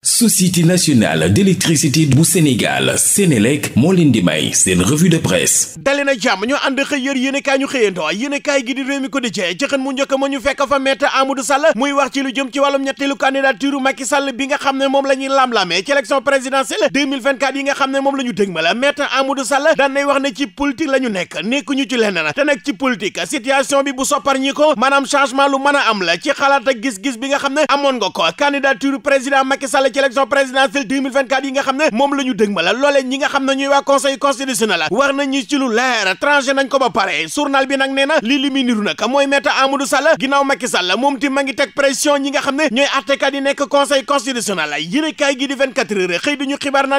société nationale d'électricité bu Sénégal Sénélec moo leen di may seen revue de presse dali na jàmm ñoo ànd xëy yër yéenekaay ñu xëyandoo yéenekaay gi réew mi ko di jee jëxën mu njëkk ma ñu fekk fa Maître Amadou Sall muy wax ci lu jëm ci wàllum ñetteelu candidature Macky Sall bi nga xam ne moom la ñuy lam-lamee la ñu dëgmal Maître Amadou wax ne ci politique la ñu nekk nekkuñu ci lenn na te nag ci politique situation bi bu soppar ñi ko maanaam changement lu mën a am la gis-gis bi nga xam ne amoon nga ko candidature président Macky Sall jëmale ci élection présidentielle 2024 yi nga xam ne moom la ñu dëg ma la loolee ñi nga xam ne ñuy waa conseil constitutionnel war nañu ci lu leer tranché ko ba bi nag nee na lii li muy niru nag mooy maître Amadou Sall ginnaaw moom ti ma ngi teg pression ñi nga xam ne ñooy àttekat yi nekk conseil constitutionnel yéene kaay gi di 24 heures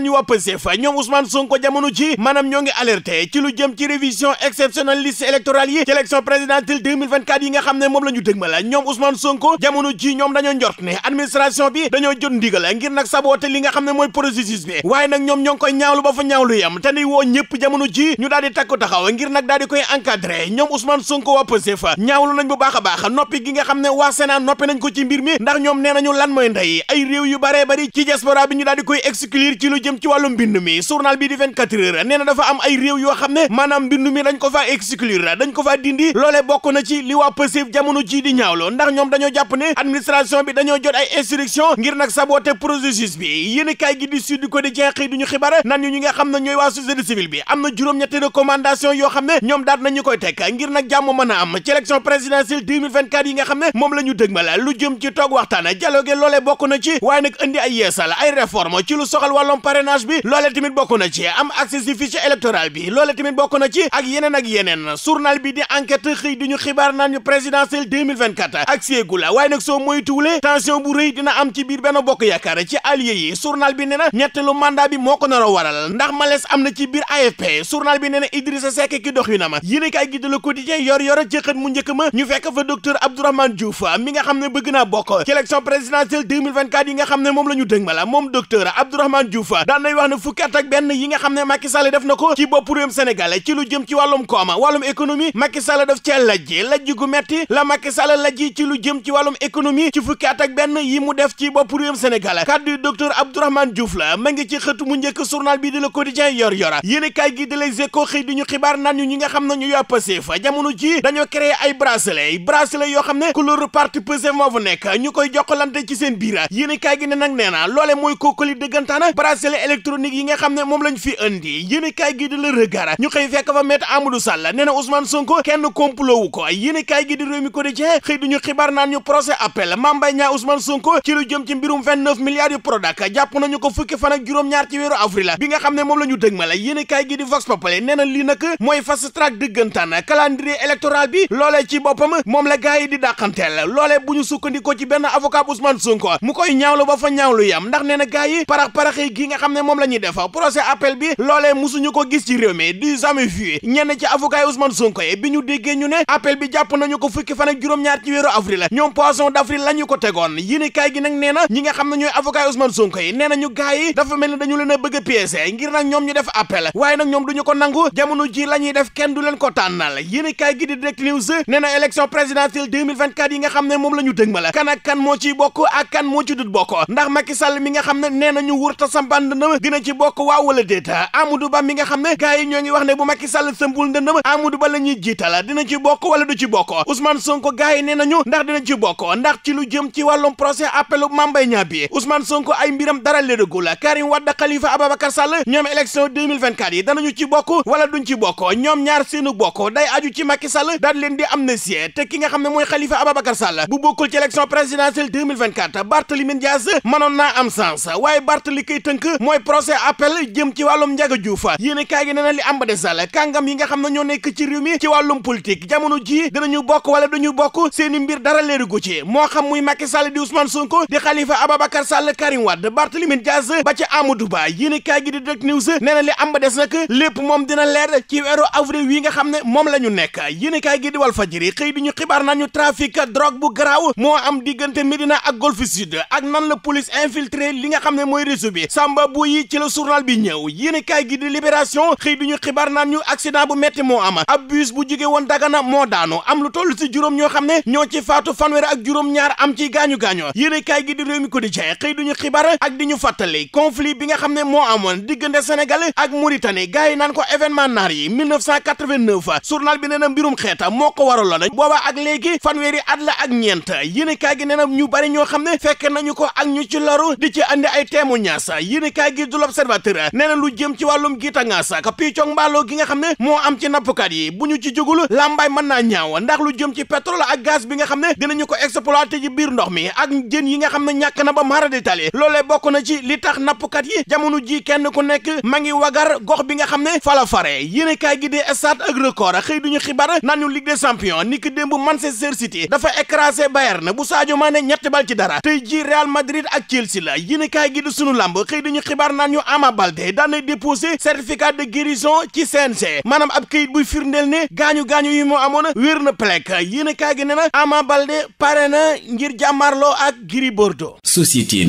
ñu waa Pastef ñoom Ousmane Sonko jamono ji maanaam ñoo ngi alerté ci lu jëm ci révision exceptionnelle liste électorale yi ci élection présidentielle 2024 yi nga xam moom la ñu dëg ma la ñoom Ousmane Sonko jamono ji ñoom dañoo njort ne administration bi dañoo jot ndigal ngir nag saboté li nga xam ne mooy processus bi waaye nag ñoom ñoo koy ñaawlu ba fa ñaawlu yam te woo ñëpp jamono ji ñu daal di takku ngir nag daal koy encadré ñoom Ousmane Sonko waa Pastef ñaawlu nañ bu baax a baax noppi gi nga xam ne waa Sénat noppi nañ ko ci mbir mi ndax ñoom nee nañu lan mooy ndey ay réew yu baree bari ci diaspora ñu daal di koy exclure ci lu jëm ci wàllu mbind mi bi di 24 heures nee na dafa am processus bi yéen kaay gi di Sud Quotidien xëy duñu xibaar nan ñu ñi nga xam ne ñooy waa société civile bi am na juróom-ñetti recommandation yoo xam ne ñoom daat nañu koy teg ngir nag jàmm mën a am ci élection présidentielle 2024 yi nga xam ne moom la ñu dëgmal lu jëm ci toog waxtaan dialogue loolee bokk na ci waaye nag indi ay yeesal ci lu soxal wàllum parrainage bi loolee tamit bokk na ci am accès ci fichier électoral bokk na ci ak yeneen ak yeneen journal bi di enquête xëy du ñu xibaar naan ñu présidentielle 2024 ak séegu la waaye nag soo moytuwulee tension bu rëy dina am ci biir benn bokk yaakaar dara ci allié yi journal bi nee na ñetteelu mandat bi moo ko nar a waral ndax malaise am na ci biir AFP journal bi nee na Idrissa Seck ki doxinam yéenekaay gi de Le Quotidien yor yor ci xët mu njëkk ma ñu fekk fa docteur Abdourahmane Diouf mi nga xam ne bëgg naa bokk ci élection présidentielle 2024 yi nga xam ne moom la ñu dëgmal moom docteur Abdourahmane Diouf daan nay wax ne fukki at ak benn yi nga xam ne Macky Sall def na ko ci bopp réewum Sénégal jëm ci wàllum kooma wàllum économie Macky Sall daf cee lajji lajji gu metti la Macky Sall lajji ci lu jëm ci wàllum économie ci fukki at ak yi mu def ci bopp réewum Sénégal kàddu docteur Abdourahmane Diouf la ma ngi ci xëtu mu njëkk journal bi di Le Quotidien yor yora yéene kaay gi di Les Échos xëy di ñu xibaar naan ñu ñi nga xam ne ñu yaa Pastef jamono ji dañoo créé ay bracelet bracelet yoo xam ne couleur parti Pastef moo fa nekk ñu koy jokkalante ci seen biir yéene kaay gi ne nag nee loole mooy kookali dëggantaan bracelet électronique yi nga ne moom lañ fi indi yéene kaay gi di Le Regard ñu xëy fekk fa maître Amadou milliards yu Prodac ñu ko fukki fan juróom-ñaar ci weeru avril ñoom poisson d'avril la ko tegoon yéen kaay gi nag nee ñi nga xam ne ñooy avocat Ousmane Sonko yi nee nañu gars yi dafa mel ni dañu leen a bëgg a piéger ngir nag ñoom ñu def appel waaye nag ñoom duñu ko nangu jamono ji la def kenn du leen ko tànnal yéen kaay gi di Direct News nee na élection présidentielle 2024 yi nga xam ne moom la ñu dëgmal kan ak kan moo ciy bokk ak kan moo ci dut bokk ndax Macky Sall mi nga xam ne nee nañu wurta sampan ndëndam dina ci bokk waaw wala déet Amadou Ba mi nga xam ne gars yi ñoo ngi wax ne bu Macky Sall sëmbul ndëndam Amadou Ba la ñuy jiital dina ci bokk wala du ci bokk Ousmane Sonko gars yi nee nañu ndax dina ci bokk ndax ci lu jëm ci wàllum procès appelu Mame Mbaye Niang bi man Sonko ay mbiram dara lédagula Karim Wade Khalifa Ababacar Sall ñoom élection 2024 yi danañu ci bokk wala duñ ci bokk ñoom ñaar seenu bokk day aju ci Macky Sall daal leen di am na amnistie te ki nga xam ne mooy Khalifa Ababacar Sall bu bokkul ci élection présidentielle 2024 Barthélémy Dias mënoon naa am sens waaye Barthélémy kay tënk mooy procès appel jëm ci wàllum Ndiaga Diouf yéen kaay gi nee na li am ba desal kàngam yi nga xam ne ñoo nekk ci réew mi ci wàllum jamono ji dinañu bokk wala duñu bokk seeni mbir dara léerugu ci moo xam muy Macky Sall di Ousmane Sonko di Khalifa Ababacar Sall Sall Karim Wade Barthélémy Dias ba ci Amadou Ba yéenekaay gi di Direct News nee na li am ba des nag lépp moom dina leer ci weeru avril wi nga xam ne moom la ñu nekk yéenekaay gi di Walf Fadjri xëy di ñu xibaar naan ñu trafic drogue bu garaaw moo am diggante Médina ak Golf Sud ak nan la police infiltre li nga xam ne mooy réseau bi Samba bu yi ci la journal bi ñëw yéenekaay gi di Libération xëy di ñu xibaar naan ñu accident bu metti moo am ab bus bu jóge woon Dagana moo daanu am lu toll ci juróom ñoo xam ne ñoo ci faatu fanweer ak juróom ñaar am ci gaañu gaañu yéenekaay gi di xëy ñu xibaar ak di ñu fàttali conflit bi nga xam ne moo amoon diggante Sénégal ak Mauritanie gars yi naan ko événement naar yi 1989 journal bi nee na mbirum xeeta moo ko waraloon booba ak léegi fanweeri at la ak ñeent gi nee ñu bari ñoo xam ne fekk nañu ko ak ñu ci loru di ci andi ay témoignages yéen kaay gi du l'Observateur nee na lu jëm ci wàllum giita ngaas ak piccog mbaaloo gi nga xam ne moo am ci nappkat yi bu ñu ci jógul làmbaay mën naa ñaaw ndax lu jëm ci pétrole ak gaz bi nga xam ne dinañu ko exploité ci biir ndox mi ak jën yi nga xam ne ñàkk na ba marade Italie loolee bokk na ci li tax nappkat yi jamono ji kenn ku nekk ma ngi wagar gox bi nga xam ne fala fare ne kaa gi di stade ak record xëy duñu xibaar naan ñu ligue des champions ni ki démb Manchester City dafa écrasé Bayern bu Sadio Mané ñetti bal ci dara tey ji Real Madrid ak Chelsea la yéen kaay gi di sunu lamb xëy ñu xibaar naan ñu Ama Baldé daan na déposé certificat de guérison ci CNG maanaam ab këyit buy firndeel ne gaañu gaañu yi moo amoon wér na plaque yéen kaay gi ne na Ama Baldé pare na ngir jàmmarloo ak Gris Bordeaux société